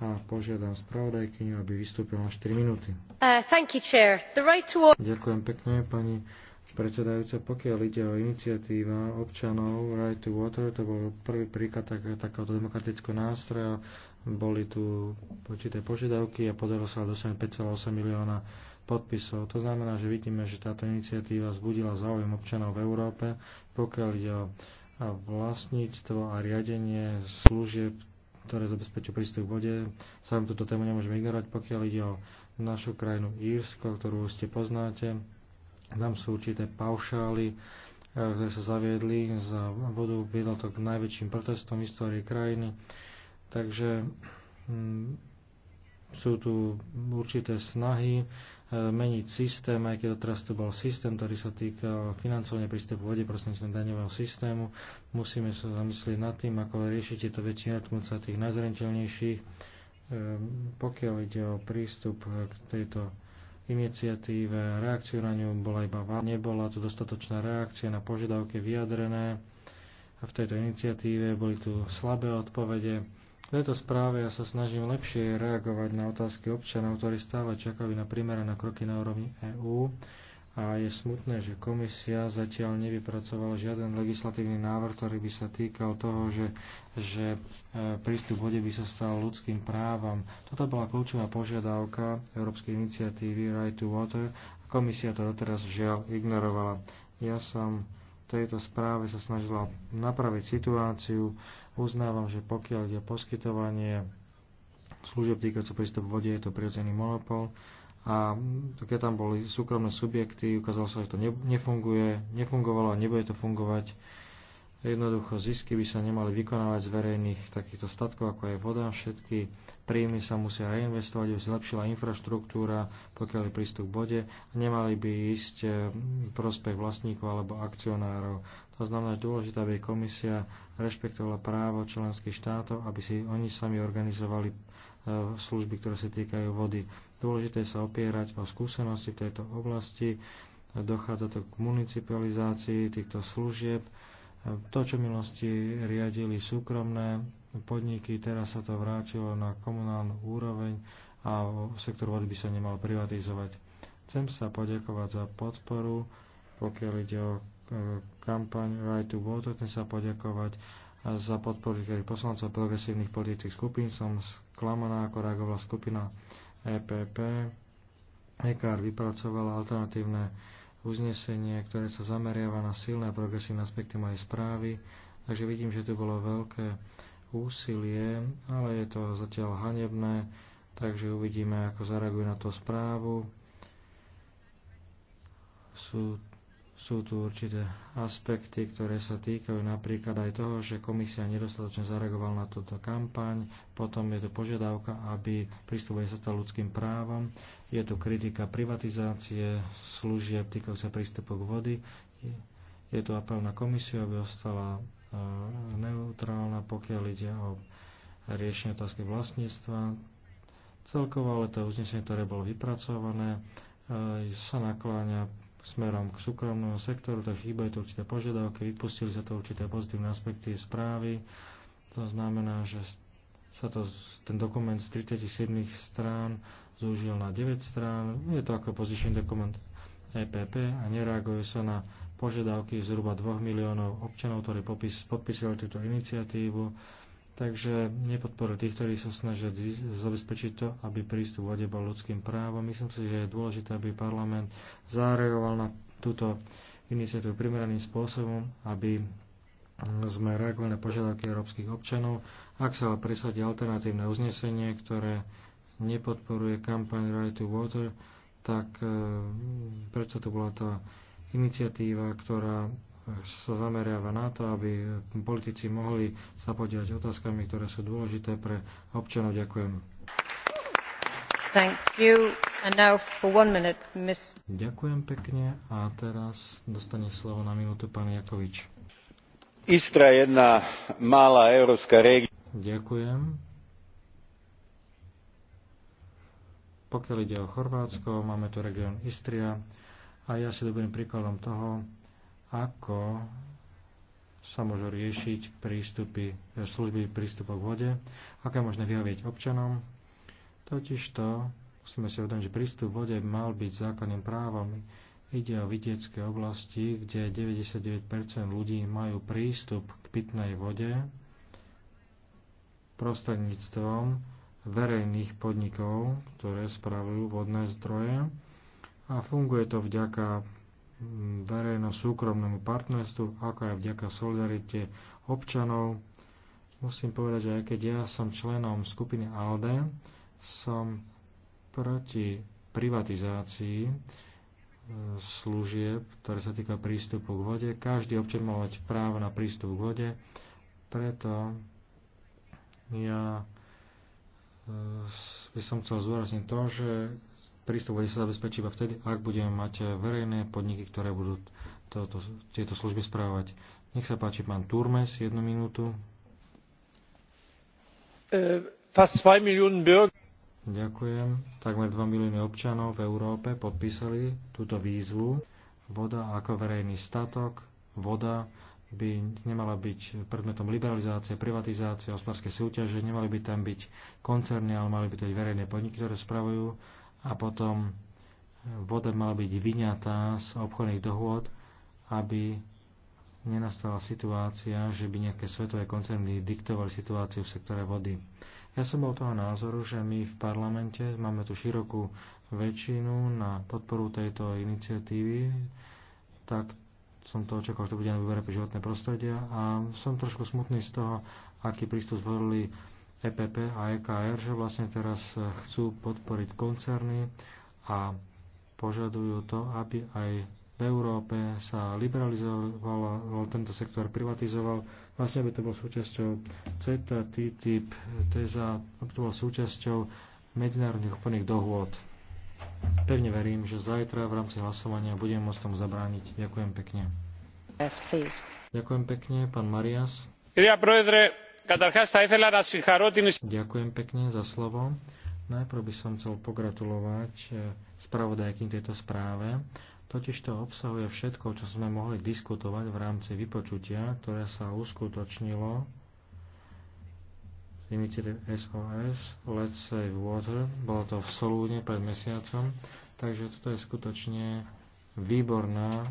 a požiadam spravodajkyňu, aby vystúpila na 4 minúty. Uh, you, right to... Ďakujem pekne, pani predsedajúca. Pokiaľ ide o iniciatíva občanov Right to Water, to bol prvý príklad tak, takéhoto demokratického nástroja. Boli tu určité požiadavky a podarilo sa dosiahnuť 5,8 milióna podpisov. To znamená, že vidíme, že táto iniciatíva zbudila záujem občanov v Európe, pokiaľ ide o vlastníctvo a riadenie služieb ktoré zabezpečujú prístup k vode. Sám túto tému nemôžeme ignorovať, pokiaľ ide o našu krajinu Írsko, ktorú ste poznáte. Tam sú určité paušály, e, ktoré sa zaviedli za vodu. Viedlo to k najväčším protestom v histórii krajiny. Takže mm, sú tu určité snahy E, meniť systém, aj keď teraz to bol systém, ktorý sa týkal financovania prístupu vode prostredníctvom daňového systému. Musíme sa zamyslieť nad tým, ako riešiť tieto veci sa tých najzrenteľnejších. E, pokiaľ ide o prístup k tejto iniciatíve, reakciu na ňu bola iba vám. Nebola tu dostatočná reakcia na požiadavky vyjadrené a v tejto iniciatíve boli tu slabé odpovede v tejto správe ja sa snažím lepšie reagovať na otázky občanov, ktorí stále čakajú na primerané kroky na úrovni EÚ a je smutné, že komisia zatiaľ nevypracovala žiaden legislatívny návrh, ktorý by sa týkal toho, že, že e, prístup k vode by sa stal ľudským právom. Toto bola kľúčová požiadavka Európskej iniciatívy Right to Water a komisia to doteraz žiaľ ignorovala. Ja som v tejto správe sa snažila napraviť situáciu, Uznávam, že pokiaľ ide poskytovanie služieb týkajúce prístup vode, je to prirodzený monopol a keď tam boli súkromné subjekty, ukázalo sa, že to nefunguje, nefungovalo a nebude to fungovať Jednoducho zisky by sa nemali vykonávať z verejných takýchto statkov, ako je voda. Všetky príjmy sa musia reinvestovať, aby zlepšila infraštruktúra, pokiaľ je prístup k vode. Nemali by ísť e, prospech vlastníkov alebo akcionárov. To znamená, že dôležitá, aby komisia rešpektovala právo členských štátov, aby si oni sami organizovali e, služby, ktoré sa týkajú vody. Dôležité sa opierať o skúsenosti v tejto oblasti. Dochádza to k municipalizácii týchto služieb to, čo milosti riadili súkromné podniky, teraz sa to vrátilo na komunálnu úroveň a sektor vody by sa nemal privatizovať. Chcem sa poďakovať za podporu, pokiaľ ide o e, kampaň Right to Water, chcem sa poďakovať za podporu poslancov progresívnych politických skupín. Som sklamaná, ako reagovala skupina EPP. EKR vypracovala alternatívne uznesenie, ktoré sa zameriava na silné a progresívne aspekty mojej správy, takže vidím, že tu bolo veľké úsilie, ale je to zatiaľ hanebné, takže uvidíme, ako zareagujú na to správu. Sú sú tu určité aspekty, ktoré sa týkajú napríklad aj toho, že komisia nedostatočne zareagovala na túto kampaň, potom je tu požiadavka, aby pristupuje sa stal ľudským právom, je tu kritika privatizácie služieb týkajúce prístupu k vody, je tu apel na komisiu, aby ostala e, neutrálna, pokiaľ ide o riešenie otázky vlastníctva. Celkovo ale to uznesenie, ktoré bolo vypracované, e, sa nakláňa smerom k súkromnému sektoru, takže chýbajú tu určité požiadavky, vypustili sa to určité pozitívne aspekty správy. To znamená, že sa to, ten dokument z 37 strán zúžil na 9 strán. Je to ako position dokument EPP a nereaguje sa na požiadavky zhruba 2 miliónov občanov, ktorí podpísali túto iniciatívu Takže nepodporu tých, ktorí sa snažia zabezpečiť to, aby prístup vode bol ľudským právom. Myslím si, že je dôležité, aby parlament zareagoval na túto iniciatívu primeraným spôsobom, aby sme reagovali na požiadavky európskych občanov. Ak sa presadí alternatívne uznesenie, ktoré nepodporuje kampaň Right to Water, tak e, predsa to bola tá iniciatíva, ktorá sa zameriava na to, aby politici mohli sa podiať otázkami, ktoré sú dôležité pre občanov. Ďakujem. Thank you. And now for one minute, Ms. Ďakujem pekne a teraz dostane slovo na minútu pán Jakovič. Istra je jedna malá európska regia. Ďakujem. Pokiaľ ide o Chorvátsko, máme tu región Istria a ja si dobrým príkladom toho, ako sa môžu riešiť prístupy, e, služby prístupov k vode, je možné vyhovieť občanom. Totižto musíme si uvedomiť, že prístup k vode mal byť zákonným právom. Ide o vidiecké oblasti, kde 99% ľudí majú prístup k pitnej vode prostredníctvom verejných podnikov, ktoré spravujú vodné zdroje a funguje to vďaka verejno-súkromnému partnerstvu, ako aj vďaka solidarite občanov. Musím povedať, že aj keď ja som členom skupiny ALDE, som proti privatizácii e, služieb, ktoré sa týka prístupu k vode. Každý občan mal mať právo na prístup k vode, preto ja e, by som chcel zúrazniť to, že prístup bude sa zabezpečiť iba vtedy, ak budeme mať verejné podniky, ktoré budú toto, tieto služby správať. Nech sa páči, pán Turmes, jednu minútu. E, fast 2 milióny bürger. Ďakujem. Takmer 2 milióny občanov v Európe podpísali túto výzvu. Voda ako verejný statok, voda by nemala byť predmetom liberalizácie, privatizácie, hospodárskej súťaže, nemali by tam byť koncerny, ale mali by to byť verejné podniky, ktoré spravujú a potom eh, voda mala byť vyňatá z obchodných dohôd, aby nenastala situácia, že by nejaké svetové koncerny diktovali situáciu v sektore vody. Ja som bol toho názoru, že my v parlamente máme tu širokú väčšinu na podporu tejto iniciatívy, tak som to očakal, že to bude na výbere pre životné prostredia a som trošku smutný z toho, aký prístup zvolili EPP a EKR, že vlastne teraz e, chcú podporiť koncerny a požadujú to, aby aj v Európe sa liberalizoval tento sektor, privatizoval, vlastne aby to bol súčasťou CETA, TTIP, TESA, aby to bol súčasťou medzinárodných úplných dohôd. Pevne verím, že zajtra v rámci hlasovania budem môcť tomu zabrániť. Ďakujem pekne. Yes, Ďakujem pekne, pán Marias. Ja, Ďakujem pekne za slovo. Najprv by som chcel pogratulovať e, spravodajky tejto správe. Totiž to obsahuje všetko, čo sme mohli diskutovať v rámci vypočutia, ktoré sa uskutočnilo Limited SOS, Let's Save Water. Bolo to v Solúne pred mesiacom. Takže toto je skutočne výborná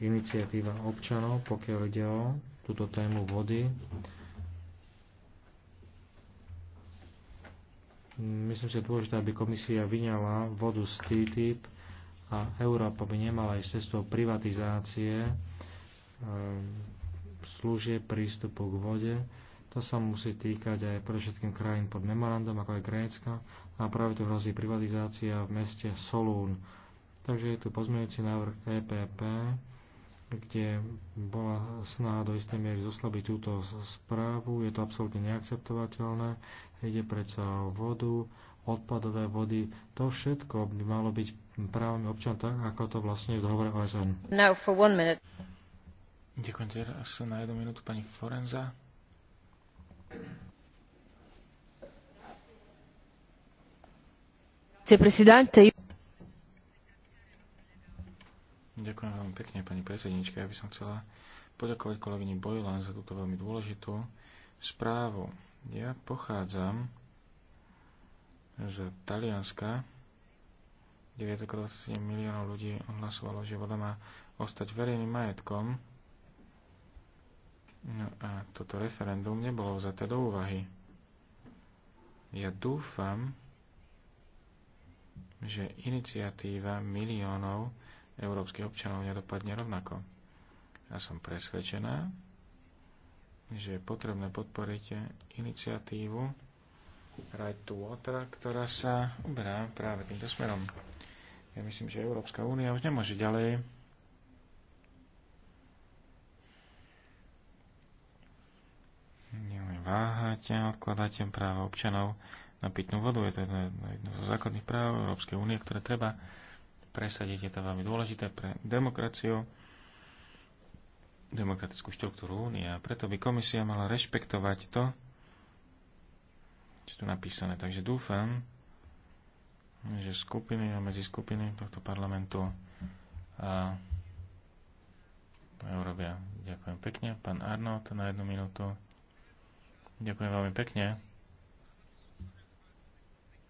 iniciatíva občanov, pokiaľ ide o túto tému vody. Myslím si, že je dôležité, aby komisia vyňala vodu z TTIP a Európa by nemala ísť cestou privatizácie e, služieb prístupu k vode. To sa musí týkať aj pre všetkým krajín pod memorandum, ako aj Grécka. A práve tu hrozí privatizácia v meste Solún. Takže je tu pozmeňujúci návrh EPP, kde bola snaha do istej miery zoslabiť túto správu. Je to absolútne neakceptovateľné. Ide predsa o vodu, odpadové vody. To všetko by malo byť právami občan tak, ako to vlastne v dohovore OSN. Now for one minute. Ďakujem teraz na jednu minútu pani Forenza. Presidente. Ďakujem veľmi pekne, pani predsednička. Ja by som chcela poďakovať kolegyni Bojlan za túto veľmi dôležitú správu. Ja pochádzam z Talianska, kde miliónov ľudí hlasovalo, že voda má ostať verejným majetkom. No a toto referendum nebolo vzaté do úvahy. Ja dúfam, že iniciatíva miliónov európskych občanov nedopadne rovnako. Ja som presvedčená, že je potrebné podporiť iniciatívu Right to Water, ktorá sa uberá práve týmto smerom. Ja myslím, že Európska únia už nemôže ďalej váhať a odkladať práva občanov na pitnú vodu. Je to jedno, jedno zo základných práv Európskej únie, ktoré treba presadiť. Je to veľmi dôležité pre demokraciu, demokratickú štruktúru únie a preto by komisia mala rešpektovať to, čo tu napísané. Takže dúfam, že skupiny a medzi skupiny tohto parlamentu a Eurobia. Ďakujem pekne. Pán Arnold na jednu minútu. Ďakujem veľmi pekne.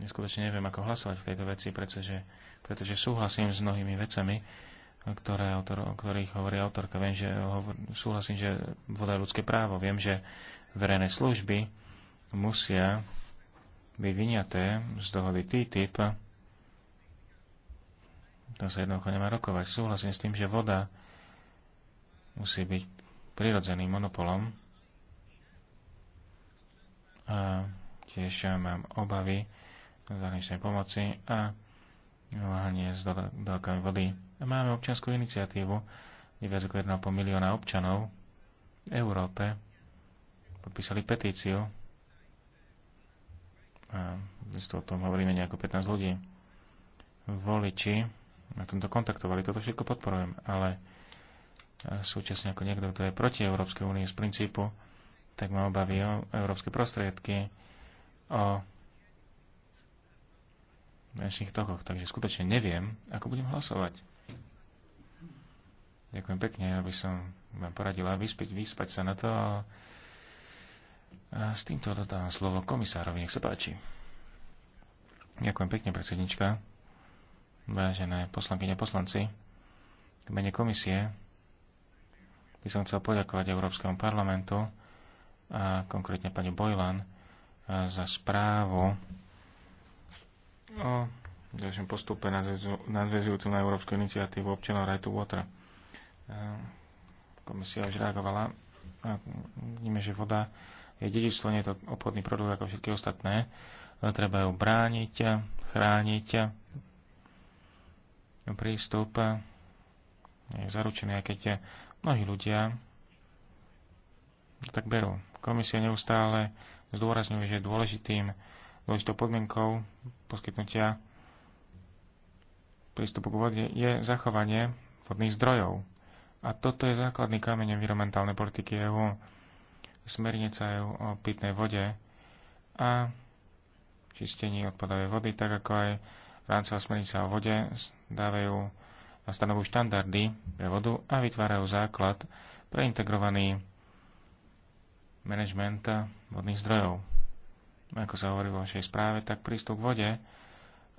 Neskutočne neviem, ako hlasovať v tejto veci, pretože, pretože súhlasím s mnohými vecami, ktoré autor, o ktorých hovorí autorka. Viem, že hovor, súhlasím, že voda ľudské právo. Viem, že verejné služby musia byť vyňaté z dohody TTIP. To sa jednoducho nemá rokovať. Súhlasím s tým, že voda musí byť prirodzeným monopolom. A tiež mám obavy, zahraničnej pomoci a váhanie s dodávkami vody. A máme občianskú iniciatívu, kde viac ako 1,5 milióna občanov v Európe podpísali petíciu. A isto o tom hovoríme nejako 15 ľudí. Voliči na tomto kontaktovali, toto všetko podporujem, ale súčasne ako niekto, kto je proti Európskej únie z princípu, tak ma obavy o európske prostriedky, o finančných tokoch, takže skutočne neviem, ako budem hlasovať. Ďakujem pekne, aby som vám poradila vyspať, vyspať sa na to. A s týmto dodávam slovo komisárovi, nech sa páči. Ďakujem pekne, predsednička. Vážené poslankyne poslanci, k mene komisie by som chcel poďakovať Európskemu parlamentu a konkrétne pani Bojlan za správu o ďalšom postupe nadvezujúcom na Európsku iniciatívu občanov Right to Water. E, komisia už reagovala. Vidíme, že voda je dedičstvo, nie je to obchodný produkt ako všetky ostatné. E, treba ju brániť, chrániť. Prístup je zaručený, aj keď mnohí ľudia tak berú. Komisia neustále zdôrazňuje, že dôležitým Dôležitou podmienkou poskytnutia prístupu k vode je zachovanie vodných zdrojov. A toto je základný kameň environmentálnej politiky EÚ, smernica EÚ o pitnej vode a čistení odpadovej vody, tak ako aj rámcová smernica o vode dávajú a stanovujú štandardy pre vodu a vytvárajú základ pre integrovaný manažment vodných zdrojov ako sa hovorí vo vašej správe, tak prístup k vode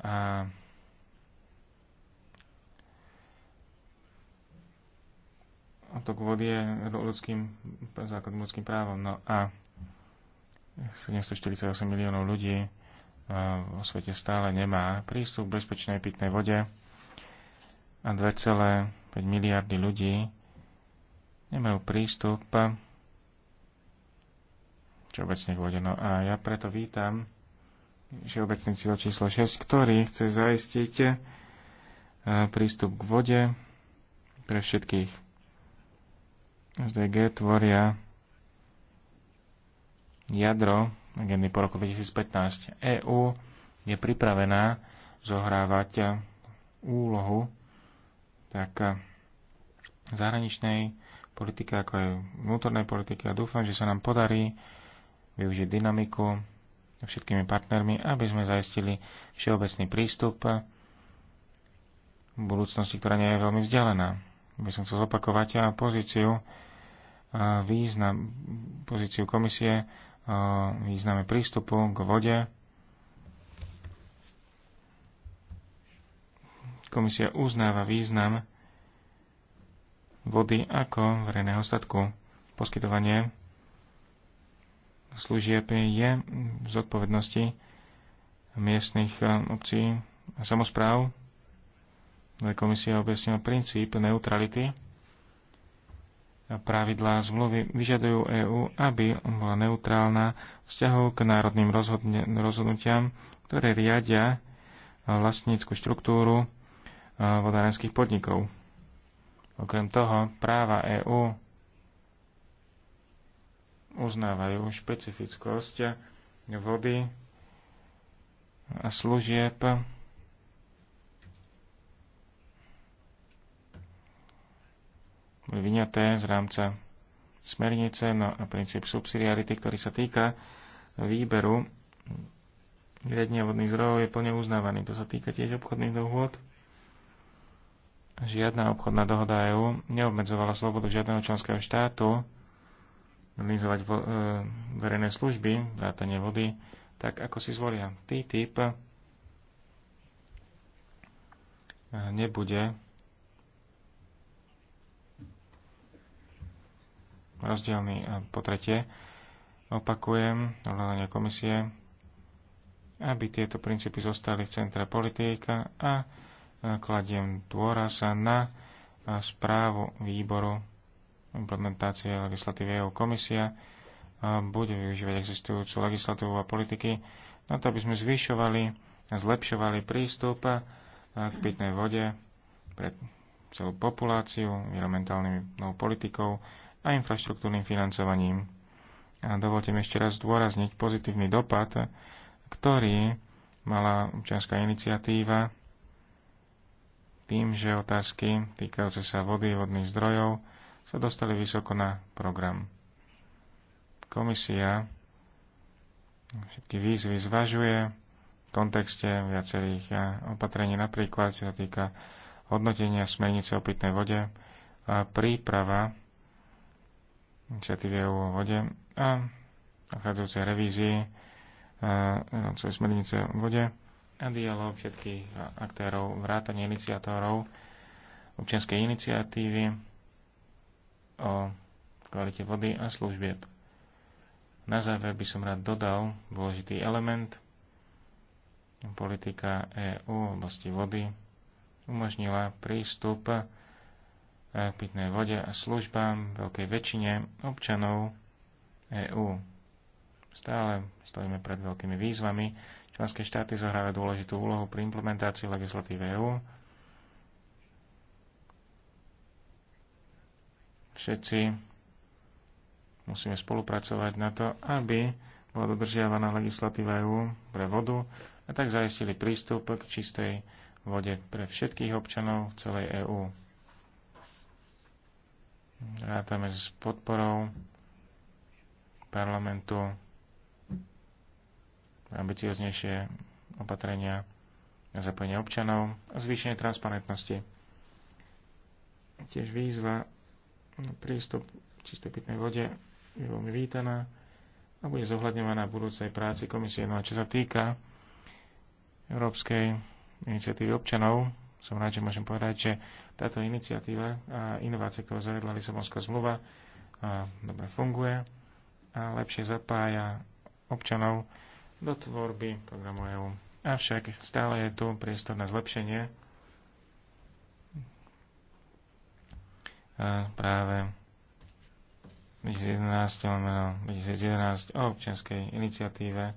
a k vody je ľudským, základným ľudským právom. No a 748 miliónov ľudí vo svete stále nemá prístup k bezpečnej pitnej vode a 2,5 miliardy ľudí nemajú prístup všeobecne uvedené. No a ja preto vítam všeobecný cieľ číslo 6, ktorý chce zaistiť e, prístup k vode pre všetkých. SDG tvoria jadro agendy po roku 2015. EÚ je pripravená zohrávať úlohu tak e, zahraničnej politiky, ako aj vnútornej politiky a dúfam, že sa nám podarí využiť dynamiku všetkými partnermi, aby sme zaistili všeobecný prístup v budúcnosti, ktorá nie je veľmi vzdialená. By som chcel zopakovať a pozíciu, a význam, pozíciu komisie, a význame prístupu k vode. Komisia uznáva význam vody ako verejného statku. Poskytovanie služieb je v zodpovednosti miestnych eh, obcí a samozpráv. Komisia objasnila princíp neutrality a pravidlá zmluvy vyžadujú EÚ, aby bola neutrálna vzťahov k národným rozhodnutiam, ktoré riadia vlastnícku štruktúru eh, vodárenských podnikov. Okrem toho práva EÚ uznávajú špecifickosť vody a služieb boli vyňaté z rámca smernice, no a princíp subsidiarity, ktorý sa týka výberu riadenia vodných zdrojov je plne uznávaný. To sa týka tiež obchodných dohôd. Žiadna obchodná dohoda EU neobmedzovala slobodu žiadneho členského štátu organizovať vo, e, verejné služby, vrátanie vody, tak ako si zvolia. TTIP e, nebude rozdielný. A po tretie, opakujem hľadanie komisie, aby tieto princípy zostali v centre politika a e, kladiem dôraz na správu výboru implementácie legislatívy EU komisia bude využívať existujúcu legislatívu a politiky na to, aby sme zvyšovali a zlepšovali prístup k pitnej vode pre celú populáciu, novou politikou a infraštruktúrnym financovaním. A dovolte mi ešte raz zdôrazniť pozitívny dopad, ktorý mala občianská iniciatíva tým, že otázky týkajúce sa vody, vodných zdrojov sa dostali vysoko na program. Komisia všetky výzvy zvažuje v kontexte viacerých opatrení, napríklad čo sa týka hodnotenia smernice o pitnej vode, a príprava iniciatívy e o vode a nachádzajúce revízii čo e, smernice o vode a dialog všetkých aktérov, vrátanie iniciátorov občianskej iniciatívy, o kvalite vody a služieb. Na záver by som rád dodal dôležitý element. Politika EÚ v oblasti vody umožnila prístup k e, pitnej vode a službám veľkej väčšine občanov EÚ. Stále stojíme pred veľkými výzvami. Členské štáty zohrávajú dôležitú úlohu pri implementácii legislatívy EÚ všetci musíme spolupracovať na to, aby bola dodržiavaná legislatíva EU pre vodu a tak zaistili prístup k čistej vode pre všetkých občanov v celej EÚ. Rátame s podporou parlamentu ambicioznejšie opatrenia na zapojenie občanov a zvýšenie transparentnosti. Tiež výzva No, prístup k čistej pitnej vode je veľmi vítaná a bude zohľadňovaná v budúcej práci komisie. No a čo sa týka Európskej iniciatívy občanov, som rád, že môžem povedať, že táto iniciatíva a inovácie, ktorú zavedla Lisabonská zmluva, dobre funguje a lepšie zapája občanov do tvorby programu EU. Avšak stále je tu priestor na zlepšenie A práve 2011, 2011 no, o občianskej iniciatíve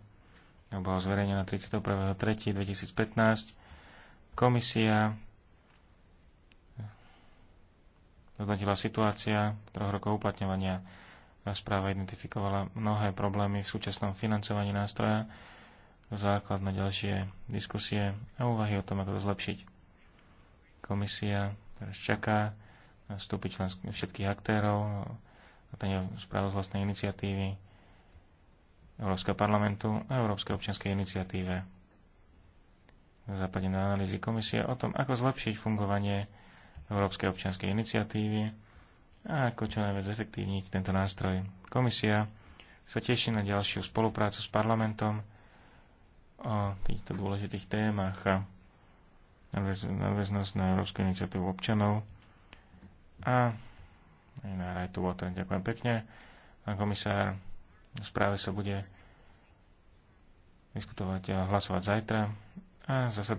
no, bola zverejnená 31.3.2015. Komisia zhodnotila situácia troch rokov uplatňovania. Správa identifikovala mnohé problémy v súčasnom financovaní nástroja, základ na ďalšie diskusie a úvahy o tom, ako to zlepšiť. Komisia teraz čaká vstúpiť členských, všetkých aktérov, vrátanie správ z vlastnej iniciatívy, Európskeho parlamentu a Európskej občianskej iniciatíve. západe na analýzy komisie o tom, ako zlepšiť fungovanie Európskej občianskej iniciatívy a ako čo najviac efektívniť tento nástroj. Komisia sa teší na ďalšiu spoluprácu s parlamentom o týchto dôležitých témach a nadväznosť na Európsku iniciatívu občanov a na Right to Ďakujem pekne. Pán komisár, v správe sa bude diskutovať a hlasovať zajtra. A zase